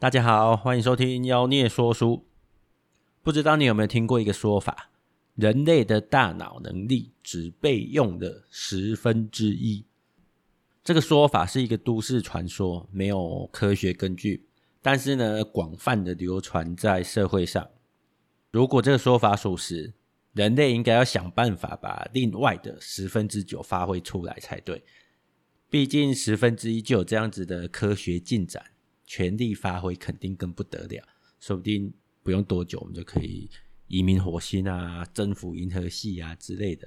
大家好，歡迎收聽妖孽說書。不知道你有沒有聽過一個說法，人類的大腦能力只被用了十分之一。這個說法是一個都市傳說，沒有科學根據，但是呢，廣泛的流傳在社會上。如果這個說法屬實，人類應該要想辦法把另外的十分之九發揮出來才對。畢竟十分之一就有這樣子的科學進展。全力發揮肯定更不得了，說不定不用多久，我們就可以移民火星啊，征服銀河系啊之類的。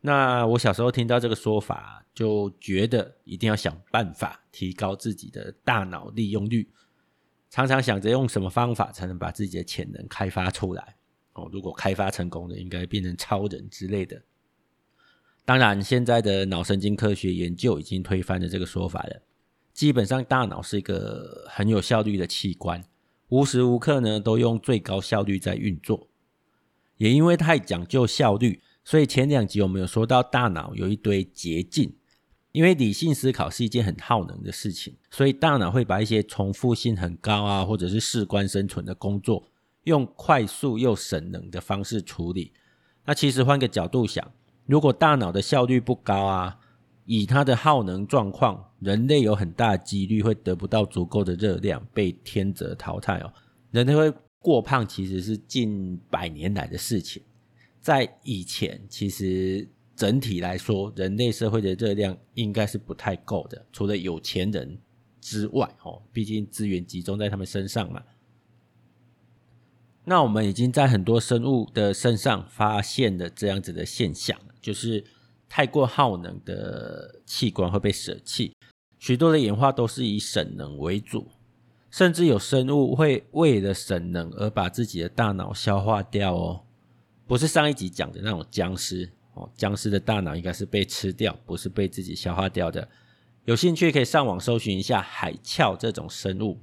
那我小時候聽到這個說法，就覺得一定要想辦法提高自己的大腦利用率，常常想着用什麼方法才能把自己的潛能開發出來。哦，如果開發成功了，應該變成超人之類的。當然，現在的腦神經科學研究已經推翻了這個說法了。基本上，大腦是一個很有效率的器官，無時無刻呢都用最高效率在運作。也因為太講究效率，所以前兩集我們有說到，大腦有一堆捷徑。因為理性思考是一件很耗能的事情，所以大腦會把一些重複性很高啊，或者是事關生存的工作，用快速又省能的方式處理。那其實換個角度想，如果大腦的效率不高啊，以它的耗能狀況，人類有很大的幾率會得不到足夠的熱量，被天擇淘汰哦。人類會過胖，其實是近百年來的事情。在以前，其實整體來說，人類社會的熱量應該是不太夠的，除了有錢人之外哦，畢竟資源集中在他們身上嘛。那我們已經在很多生物的身上發現了這樣子的現象，就是。太過耗能的器官會被捨棄，許多的演化都是以省能為主，甚至有生物會為了省能而把自己的大腦消化掉哦。不是上一集講的那種僵屍哦，僵屍的大腦應該是被吃掉，不是被自己消化掉的。有興趣可以上網搜尋一下海鞘這種生物，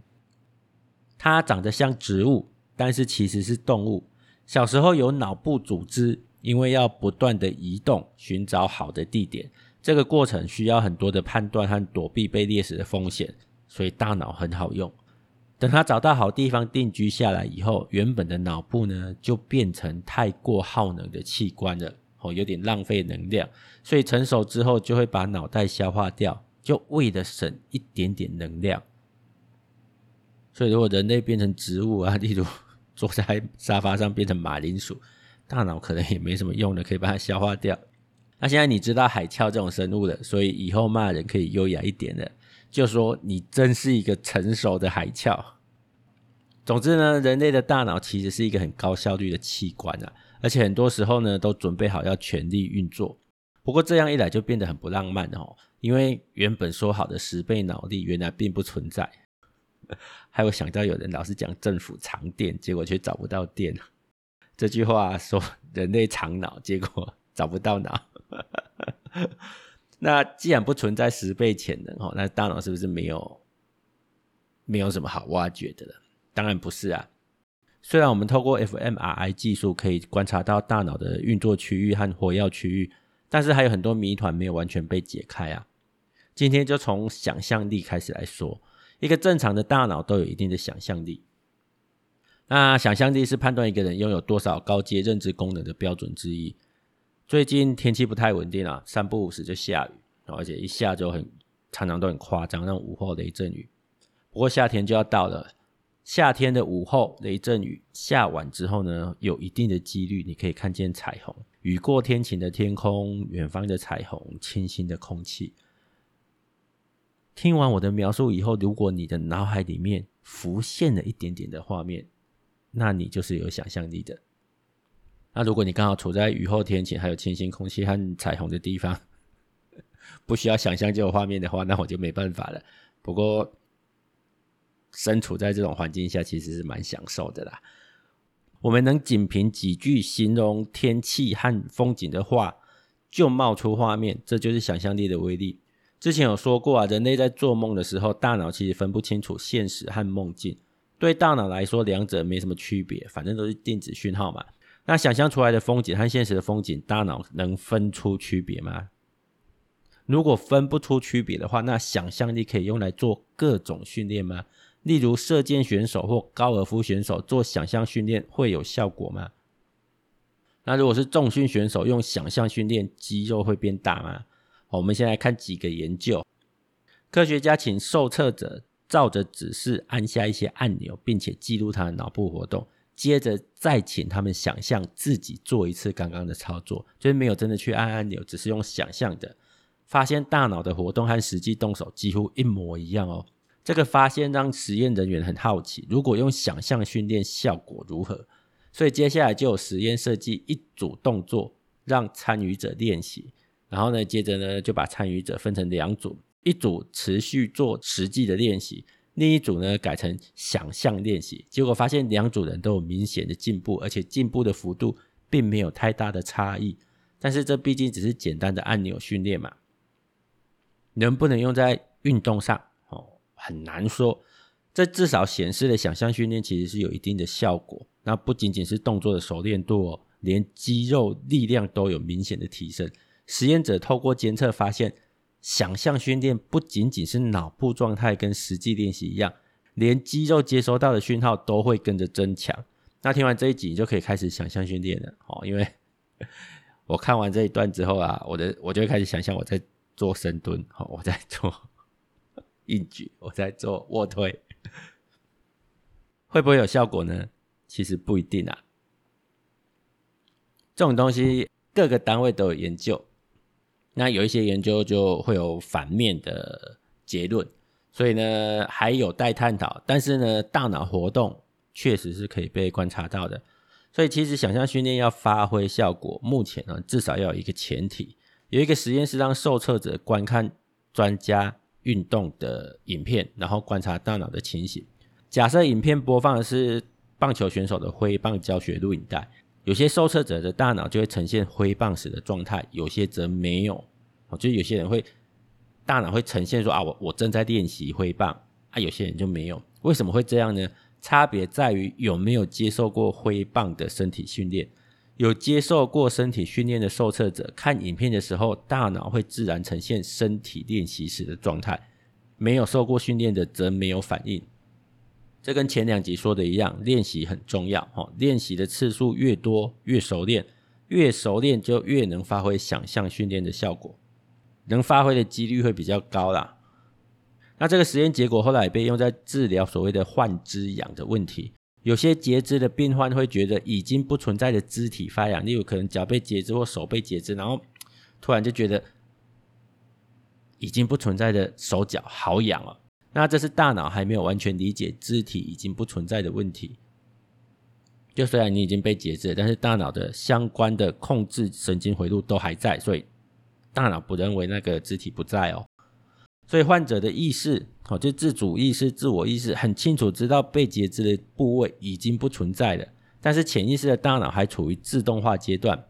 它長得像植物，但是其實是動物。小時候有腦部組織。因為要不斷的移動，尋找好的地點，這個過程需要很多的判斷和躲避被獵食的風險，所以大腦很好用。等它找到好地方定居下來以後，原本的腦部呢，就變成太過耗能的器官了，哦，有點浪費能量，所以成熟之後就會把腦袋消化掉，就為了省一點點能量。所以如果人類變成植物啊，例如坐在沙發上變成馬鈴薯。大腦可能也沒什麼用的，可以把它消化掉。那現在你知道海鞘這種生物了，所以以後罵人可以優雅一點的，就說你真是一個成熟的海鞘。總之呢，人類的大腦其實是一個很高效率的器官啊，而且很多時候呢，都準備好要全力運作。不過這樣一來就變得很不浪漫哦，因為原本說好的十倍腦力原來並不存在，還有想到有人老是講政府藏電，結果卻找不到電。這句話說人類長腦，結果找不到腦。 那既然不存在十倍潛能哦，那大腦是不是沒有沒有什麼好挖掘的了？當然不是啊。雖然我們透過 fMRI 技術可以觀察到大腦的運作區域和活躍區域，但是還有很多謎團沒有完全被解開啊。今天就從想象力開始來說，一個正常的大腦都有一定的想象力。那想象力是判斷一個人擁有多少高階認知功能的標準之一。最近天氣不太穩定啊，三不五時就下雨，而且一下就很，常常都很誇張，那種午後雷陣雨。不過夏天就要到了，夏天的午後雷陣雨下完之後呢，有一定的幾率你可以看見彩虹。雨過天晴的天空，遠方的彩虹，清新的空氣。聽完我的描述以後，如果你的腦海裡面浮現了一點點的畫面。那你就是有想象力的。那如果你剛好處在雨後天晴，還有清新空氣和彩虹的地方，不需要想象這種畫面的話，那我就沒辦法了。不過，身處在這種環境下，其實是蠻享受的啦。我們能僅憑幾句形容天氣和風景的話，就冒出畫面，這就是想象力的威力。之前有說過啊，人類在做夢的時候，大腦其實分不清楚現實和夢境。對大腦來說，兩者沒什麼區別，反正都是電子訊號嘛。那想象出來的風景和現實的風景，大腦能分出區別嗎？如果分不出區別的話，那想象力可以用來做各種訓練嗎？例如射箭選手或高爾夫選手做想象訓練會有效果嗎？那如果是重訓選手用想象訓練，肌肉會變大嗎？好，我們先來看幾個研究。科學家請受測者。照着指示按下一些按鈕，並且記錄他的腦部活動，接着再請他們想象自己做一次剛剛的操作，就是沒有真的去按按鈕，只是用想象的，發現大腦的活動和實際動手幾乎一模一樣哦。這個發現讓實驗人員很好奇，如果用想象訓練效果如何？所以接下來就有實驗設計一組動作讓參與者練習，然後呢，接着呢就把參與者分成兩組。一組持續做實際的練習，另一組呢，改成想象練習。結果發現兩組人都有明顯的進步，而且進步的幅度並沒有太大的差異。但是這畢竟只是簡單的按鈕訓練嘛，能不能用在運動上哦，很難說。這至少顯示了想象訓練其實是有一定的效果。那不僅僅是動作的熟練度哦，連肌肉力量都有明顯的提升。實驗者透過監測發現。想象訓練不僅僅是腦部狀態跟實際練習一樣，連肌肉接收到的訊號都會跟着增強。那聽完這一集，你就可以開始想象訓練了哦，因為我看完這一段之後啊，我的，我就會開始想象我在做深蹲哦，我在做硬舉，我在做臥推。會不會有效果呢？其實不一定啊。這種東西各個單位都有研究。那有一些研究就會有反面的結論，所以呢，還有待探討。但是呢，大腦活動確實是可以被觀察到的。所以其實想象訓練要發揮效果，目前呢，啊，至少要有一個前提。有一個實驗是讓受測者觀看專家運動的影片，然後觀察大腦的情形。假設影片播放的是棒球選手的揮棒教學錄影帶。有些受測者的大腦就會呈現揮棒時的狀態，有些則沒有。哦，就有些人會大腦會呈現說啊，我我正在練習揮棒啊，有些人就沒有。為什麼會這樣呢？差別在於有沒有接受過揮棒的身體訓練。有接受過身體訓練的受測者，看影片的時候，大腦會自然呈現身體練習時的狀態。沒有受過訓練的，則沒有反應。這跟前兩集說的一樣，練習很重要哦。練習的次數越多，越熟練，越熟練就越能發揮想象訓練的效果，能發揮的幾率會比較高啦。那這個實驗結果後來也被用在治療所謂的患肢癢的問題。有些截肢的病患會覺得已經不存在的肢體發癢，例如可能腳被截肢或手被截肢，然後突然就覺得已經不存在的手腳好癢了。那這是大腦還沒有完全理解肢體已經不存在的問題。就雖然你已經被截肢了，但是大腦的相關的控制神經回路都還在，所以大腦不認為那個肢體不在哦。所以患者的意識哦，就自主意識、自我意識很清楚知道被截肢的部位已經不存在了。但是潛意識的大腦還處於自動化階段。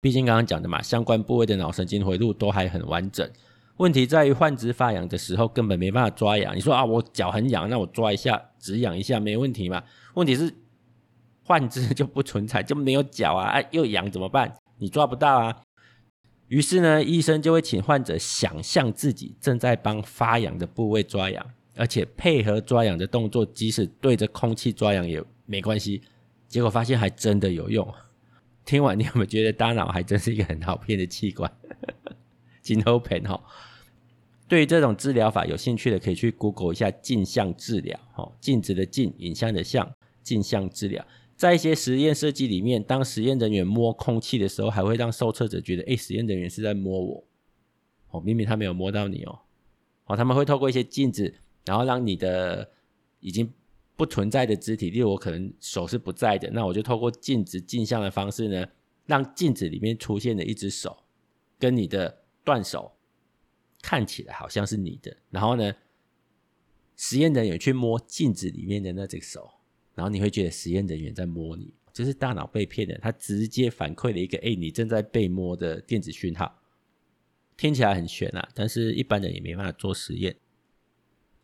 畢竟剛剛講的嘛，相關部位的腦神經回路都還很完整。問題在於患肢發癢的時候根本沒辦法抓癢。你說啊，我腳很癢，那我抓一下止癢一下沒問題嘛。問題是患肢就不存在，就沒有腳啊，哎，又癢怎麼辦？你抓不到啊。於是呢，醫生就會請患者想象自己正在幫發癢的部位抓癢，而且配合抓癢的動作，即使對着空氣抓癢也沒關係。結果發現還真的有用。聽完你有沒有覺得大腦還真是一個很好騙的器官？ 鏡後盆哈，對於這種治療法有興趣的，可以去 Google 一下鏡像治療哦，鏡子的鏡，影像的像，鏡像治療。在一些實驗設計裡面，當實驗人員摸空氣的時候，還會讓受測者覺得，誒，實驗人員是在摸我，哦，明明他沒有摸到你哦。哦，他們會透過一些鏡子，然後讓你的已經不存在的肢體，例如我可能手是不在的，那我就透過鏡子鏡像的方式呢，讓鏡子裡面出現了一隻手，跟你的。斷手看起來好像是你的，然後呢，實驗人員去摸鏡子裡面的那隻手，然後你會覺得實驗人員在摸你，這是大腦被騙了，他直接反饋了一個“哎，你正在被摸”的電子訊號，聽起來很懸啊，但是一般人也沒辦法做實驗。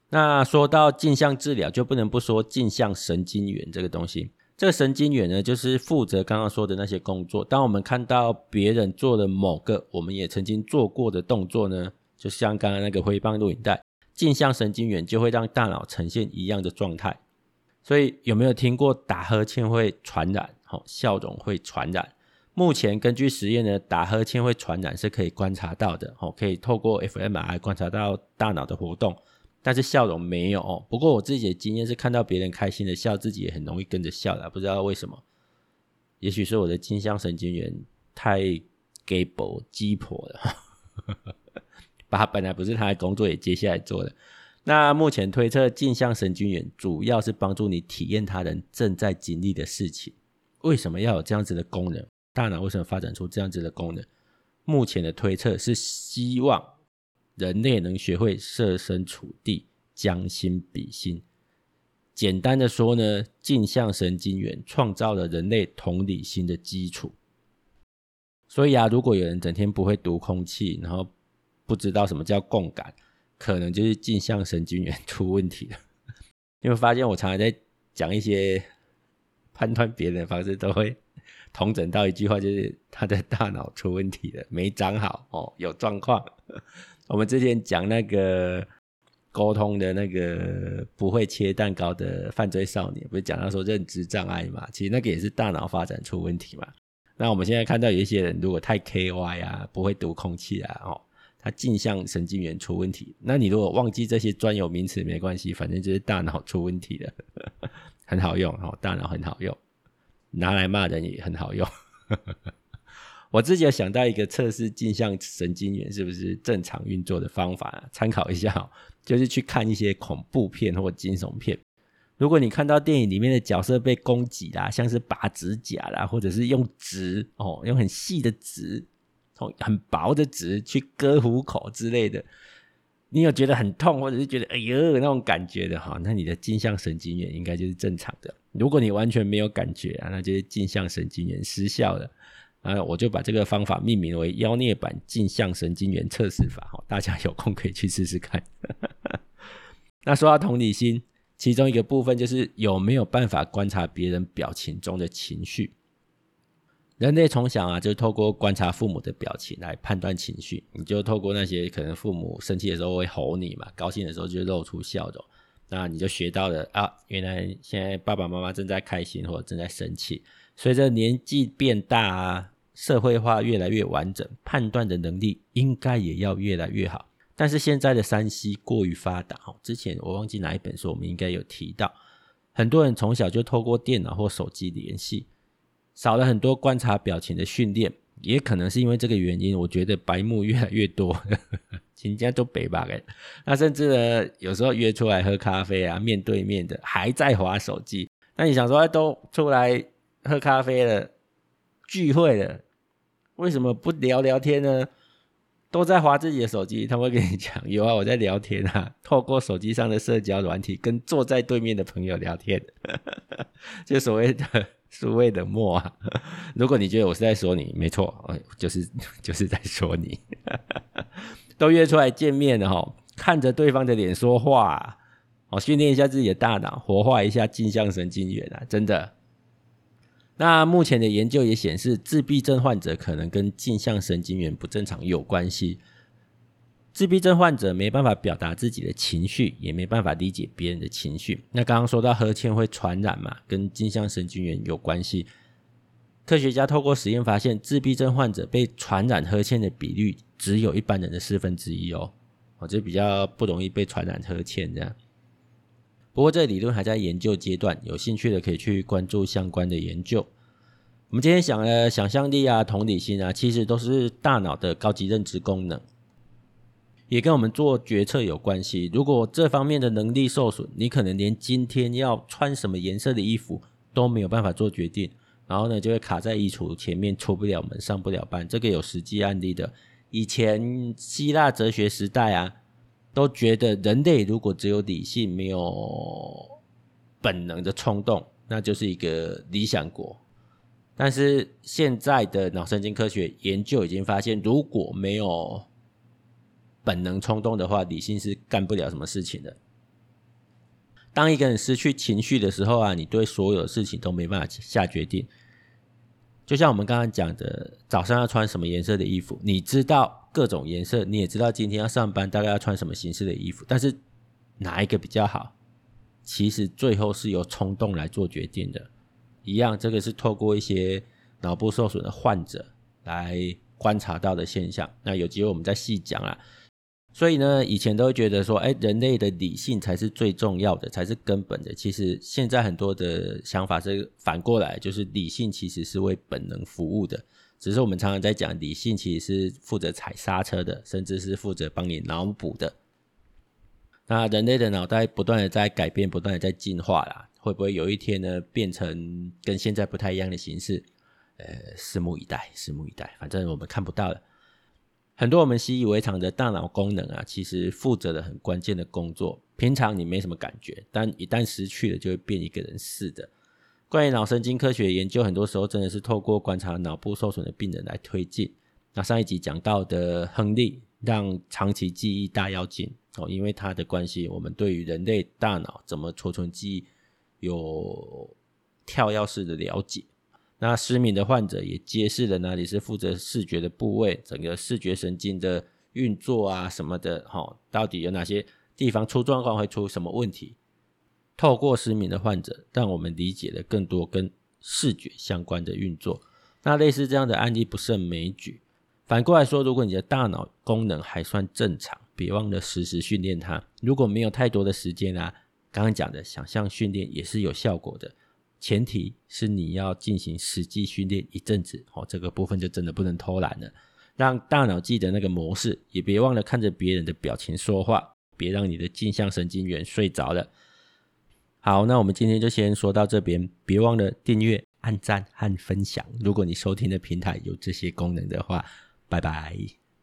那說到鏡像治療，就不能不說鏡像神經元這個東西。這個神經元呢，就是負責剛剛說的那些工作。當我們看到別人做的某個，我們也曾經做過的動作呢，就像剛剛那個揮棒錄影帶，鏡像神經元就會讓大腦呈現一樣的狀態。所以有沒有聽過打呵欠會傳染？哦，笑容會傳染。目前根據實驗呢，打呵欠會傳染是可以觀察到的。哦，可以透過 f m i 觀察到大腦的活動。但是笑容沒有、哦。不過我自己的經驗是，看到別人開心的笑，自己也很容易跟着笑了。不知道為什麼，也許是我的鏡像神經元太給寶雞婆了， 把本來不是他的工作也接下來做了。那目前推測，鏡像神經元主要是幫助你體驗他人正在經歷的事情。為什麼要有這樣子的功能？大腦為什麼發展出這樣子的功能？目前的推測是希望。人類能學會設身處地、將心比心。簡單的說呢，鏡像神經元創造了人類同理心的基礎。所以啊，如果有人整天不會讀空氣，然後不知道什麼叫共感，可能就是鏡像神經元出問題了。因 為發現我常常在講一些判斷別人的方式，都會統整到一句話，就是他的大腦出問題了，沒長好哦，有狀況。我們之前講那個溝通的那個不會切蛋糕的犯罪少年，不是講到說認知障礙嘛？其實那個也是大腦發展出問題嘛。那我們現在看到有一些人，如果太 KY 啊，不會讀空氣啊，哦，他鏡像神經元出問題。那你如果忘記這些專有名詞沒關係，反正就是大腦出問題了， 很好用哦，大腦很好用，拿來罵人也很好用。 我自己有想到一個測試鏡像神經元是不是正常運作的方法啊，參考一下哦，就是去看一些恐怖片或驚悚片。如果你看到電影裡面的角色被攻擊啦，像是拔指甲啦，或者是用紙哦，用很細的紙、從、哦，很薄的紙去割虎口之類的，你有覺得很痛，或者是覺得哎呦那種感覺的哈，哦，那你的鏡像神經元應該就是正常的。如果你完全沒有感覺啊，那就是鏡像神經元失效了。啊，我就把這個方法命名為“妖孽版鏡像神經元測試法”，大家有空可以去試試看。 那說到同理心，其中一個部分就是有沒有辦法觀察別人表情中的情緒。人類從小啊，就透過觀察父母的表情來判斷情緒，你就透過那些可能父母生氣的時候會吼你嘛，高興的時候就露出笑容，那你就學到了啊，原來現在爸爸媽媽正在開心或者正在生氣。隨着年紀變大啊。社會化越來越完整，判斷的能力應該也要越來越好。但是現在的 3C 過於發達，之前我忘記哪一本書我們應該有提到，很多人從小就透過電腦或手機聯繫，少了很多觀察表情的訓練，也可能是因為這個原因，我覺得白目越來越多。人家都北吧？那甚至呢，有時候約出來喝咖啡啊，面對面的還在滑手機。那你想說，都出來喝咖啡了？聚會了，為什麼不聊聊天呢？都在劃自己的手機，他會跟你講，有啊，我在聊天啊，透過手機上的社交軟體跟坐在對面的朋友聊天，呵呵，就所謂的所謂冷漠啊。如果你覺得我是在說你，沒錯，我就是就是在說你呵呵。都約出來見面了，哦，哈，看着對方的臉說話，哦，訓練一下自己的大腦，活化一下鏡像神經元啊，真的。那目前的研究也顯示，自閉症患者可能跟鏡像神經元不正常有關係。自閉症患者沒辦法表達自己的情緒，也沒辦法理解別人的情緒。那剛剛說到呵欠會傳染嘛，跟鏡像神經元有關係。科學家透過實驗發現，自閉症患者被傳染呵欠的比率，只有一般人的四分之一哦。我就比較不容易被傳染呵欠這樣。不過，這理論還在研究階段，有興趣的可以去關注相關的研究。我們今天想的想象力啊、同理心啊，其實都是大腦的高級認知功能，也跟我們做決策有關係。如果這方面的能力受損，你可能連今天要穿什麼顏色的衣服都沒有辦法做決定，然後呢，就會卡在衣櫥前面，出不了門，上不了班。這個有實際案例的，以前希臘哲學時代啊。都覺得人類如果只有理性沒有本能的衝動，那就是一個理想國。但是現在的腦神經科學研究已經發現，如果沒有本能衝動的話，理性是幹不了什麼事情的。當一個人失去情緒的時候啊，你對所有事情都沒辦法下決定。就像我們剛剛講的，早上要穿什麼顏色的衣服？你知道各種顏色，你也知道今天要上班大概要穿什麼形式的衣服，但是哪一個比較好？其實最後是由衝動來做決定的。一樣，這個是透過一些腦部受損的患者來觀察到的現象。那有機會我們再細講啊。所以呢，以前都會覺得說，哎，人類的理性才是最重要的，才是根本的。其實現在很多的想法是反過來，就是理性其實是為本能服務的。只是我們常常在講，理性其實是負責踩剎車的，甚至是負責幫你腦補的。那人類的腦袋不斷的在改變，不斷的在進化啦，會不會有一天呢，變成跟現在不太一樣的形式？呃，拭目以待，拭目以待。反正我們看不到了。很多我們習以為常的大腦功能啊，其實負責的很關鍵的工作，平常你沒什麼感覺，但一旦失去了，就會變一個人似的。關於腦神經科學研究，很多時候真的是透過觀察腦部受損的病人來推進。那上一集講到的亨利，讓長期記憶大躍進哦，因為他的關係，我們對於人類大腦怎麼儲存記憶有跳躍式的了解。那失明的患者也揭示了哪裡是負責視覺的部位，整個視覺神經的運作啊什麼的，齁，到底有哪些地方出狀況會出什麼問題？透過失明的患者，讓我們理解了更多跟視覺相關的運作。那類似這樣的案例不勝枚舉。反過來說，如果你的大腦功能還算正常，別忘了時時訓練它。如果沒有太多的時間啊，剛剛講的想象訓練也是有效果的。前提是你要進行實際訓練一陣子哦，這個部分就真的不能偷懶了，讓大腦記得那個模式，也別忘了看着別人的表情說話，別讓你的鏡像神經元睡着了。好，那我們今天就先說到這邊，別忘了訂閱、按讚和分享。如果你收聽的平台有這些功能的話，拜拜。